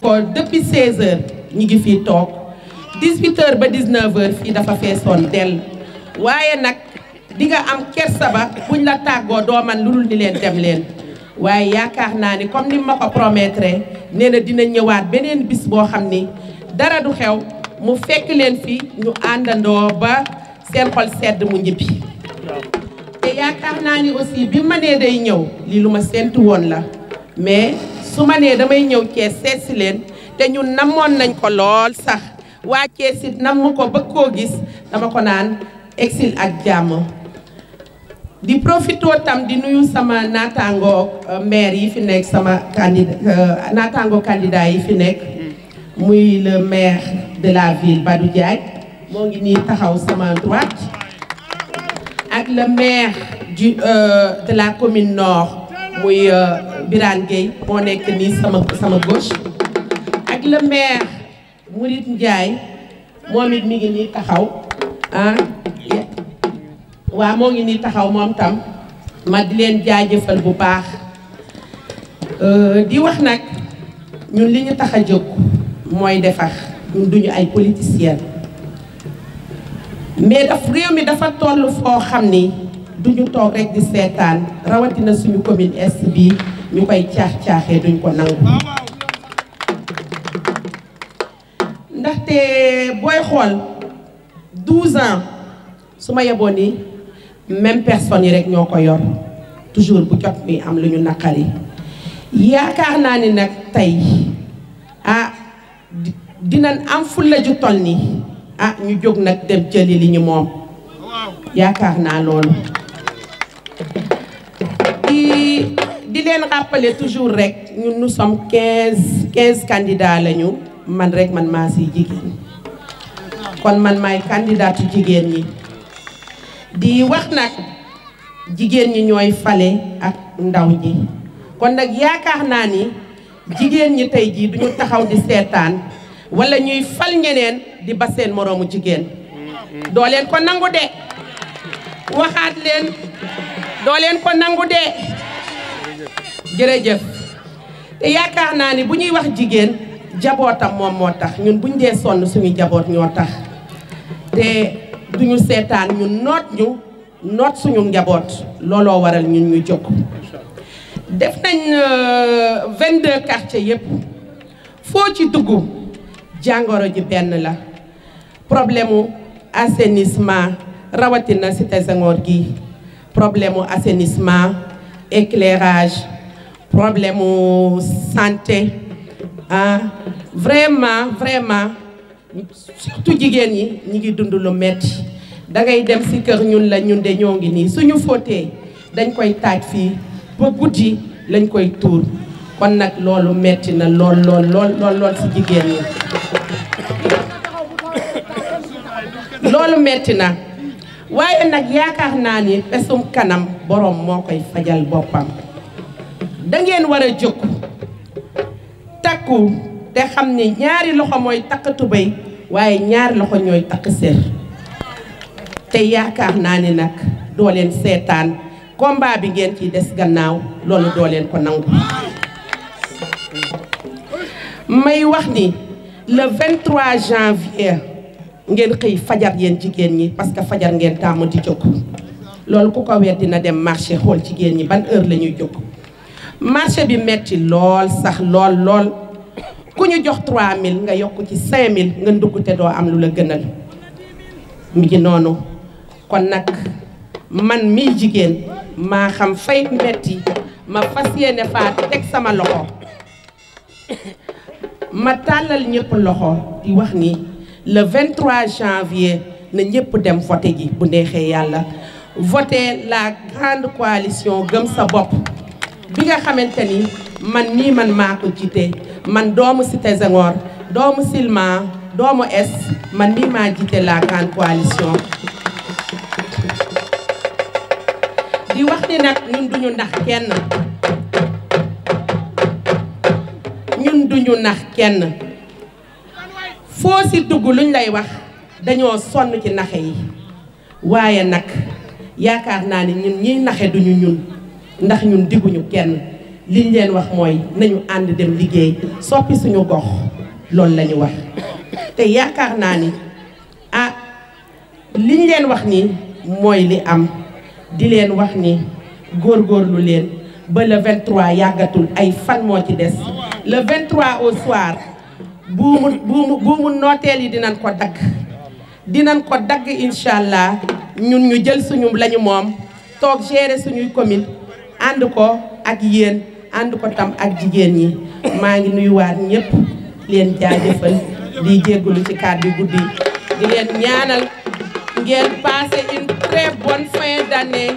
ko depuis 16 heures ñi ngi fi toog 18 heures ba 19 heures fii dafa feesoon dell waaye nag dinga nga am kersa ba buñ la tàggoo doo man lu dul ni leen dem leen waaye yaakaar naa ni comme ni ma ko promettre nee na dina ñëwaat beneen bis boo xam ni dara du xew mu fekk leen fi ñu àndandoo ba seen xol sedd mu ñibbi te yaakaar naa ni aussi bi ma nee day ñëw lii lu ma séntu woon la mais su ma nee damay ñëw Thiès seet si leen te ñu namoon nañ ko lool sax waa Thiès it namm ko ba koo gis dama ko naan exil ak jàmm. di profito tam di nuyu sama naataango euh, maire yi fi nekk sama euh, candidat naataango yi fi nekk muy le maire de la ville Badou Diagne moo ngi nii taxaw sama droite ak le maire du euh, de la commune nord muy Birane géey moo nekk nii sama sama gauche ak le maire Mouride Ndiaye moom it mi ngi nii taxaw ah. waa moo ngi nii taxaw moom tam ma di leen jaajëfal bu baax euh, di wax nag ñun li ñu tax a jóg mooy defar ñun duñu ay politicien mais daf réew mi dafa toll foo xam ni duñu toog rek di seetaan rawatina suñu commune est bii ñu koy caax-caaxee duñ ko nangu ndaxte booy xool 12 ans su ma yeboon ni même personne yi rek ñoo ko yor toujours bu jot muy am lu ñu naqari yaakaar naa ni nag tey ah dina am fulla ju toll ni ah ñu jóg nag dem jëli li ñu moom yaakaar naa loolu leen rappeler toujours rek ñun nous sommes quinze quinze candidats lañu man rek man maa si jigéen kon man maay candidatu jigéen ñi di wax nag jigéen ñi ñooy fale ak ndaw ñi kon nag yaakaar naa ni jigéen ñi tey jii duñu taxaw di seetaan wala ñuy fal ñeneen di baseen moroomu jigéen doo leen ko nangu de waxaat leen doo leen ko nangu de jërëjëf te yaakaar naa ni bu ñuy wax jigéen jabootam moom moo tax ñun buñ dee sonn suñu jaboot ñoo tax te duñu seetaan ñu noot ñu noot suñu njaboot looloo waral ñun ñu jóg def nañ 22 euh, quartiers yépp foo ci dugg jàngoro ji benn la problème mu assainissement rawatina cité Senghor gi problème mu assainissement éclairage problème mu santé ah vraiment vraiment surtout jigéen ñi ñu ngi dund lu metti da ngay dem si kër ñun la ñun de ñoo ngi nii suñu fóotee dañ koy taaj fii ba guddi lañ koy tuur kon nag loolu metti na lool lool lool lool lool si jigéen loolu metti na waaye nag yaakaar naa ni pesum kanam boroom moo koy fajal boppam da ngeen war a jóg takku te xam ne ñaari loxo mooy takk tubéy waaye ñaari loxo ñooy takk sér te yaakaar naa ne nag doo leen seetaan combat bi ngeen ci des gannaaw loolu doo leen ko nangu may wax ni le 23 janvier ngeen xëy fajar yéen jigéen ñi parce que fajar ngeen tàmm di jóg loolu ku ko weer dina dem marché xool jigéen ñi ban heure la ñuy jóg marché bi metti lool sax lool lool ku ñu jox 3000 nga yokk ci 5000 nga ndugg te doo am lu la gënal mi ngi noonu kon nag man mii jigéen maa xam fay metti ma fas yéene faa teg sama loxo ma tàllal ñëpp loxo di wax ni le 23 janvier na ñëpp dem voté ji bu neexee yàlla voté la grande coalition gëm sa bopp bi nga xamante ni man mii man maa ko jiite man doomu Cité doomu Silma doomu es man mii maa jiite la grande coalition di wax ni nag ñun duñu nax kenn ñun duñu nax kenn foo si dugg luñ lay wax dañoo sonn ci naxe yi waaye nag yaakaar naa ni ñun ñiy naxe duñu ñun ndax ñun diguñu kenn liñ leen wax mooy nañu ànd dem liggéey soppi suñu gox loolu lañu wax te yaakaar naa ni ah liñ leen wax ni mooy li am di leen wax ni góor góorlu leen ba le 23 yàggatul ay fan moo ci des le 23 au soir buumu buumu buumu nooteel yi dinañ ko dagg dinañ ko dagg incha allah ñun ñu jël suñu lañu moom toog gérer suñuy commune ànd ko ak yéen ànd ko tam ak jigéen ñi maa ngi nuyuwaat ñëpp leen jaajëfal di jéggalu ci kàddu guddi di leen ñaanal ngeen passé une très bonne fin d'année